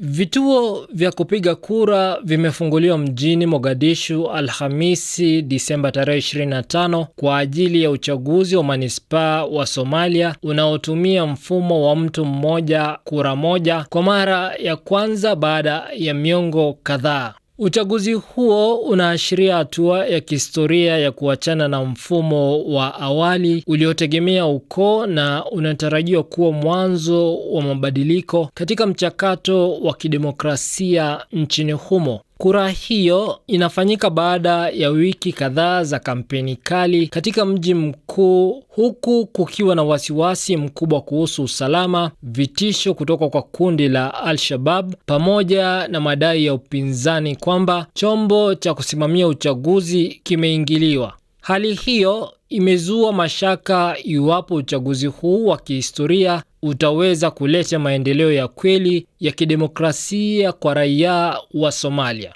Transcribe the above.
Vituo vya kupiga kura vimefunguliwa mjini Mogadishu Alhamisi, Disemba tarehe 25 kwa ajili ya uchaguzi wa manispaa wa Somalia unaotumia mfumo wa mtu mmoja kura moja kwa mara ya kwanza baada ya miongo kadhaa. Uchaguzi huo unaashiria hatua ya kihistoria ya kuachana na mfumo wa awali uliotegemea ukoo na unatarajiwa kuwa mwanzo wa mabadiliko katika mchakato wa kidemokrasia nchini humo. Kura hiyo inafanyika baada ya wiki kadhaa za kampeni kali katika mji mkuu huku kukiwa na wasiwasi mkubwa kuhusu usalama, vitisho kutoka kwa kundi la Al-Shabab pamoja na madai ya upinzani kwamba chombo cha kusimamia uchaguzi kimeingiliwa. Hali hiyo imezua mashaka iwapo uchaguzi huu wa kihistoria utaweza kuleta maendeleo ya kweli ya kidemokrasia kwa raia wa Somalia.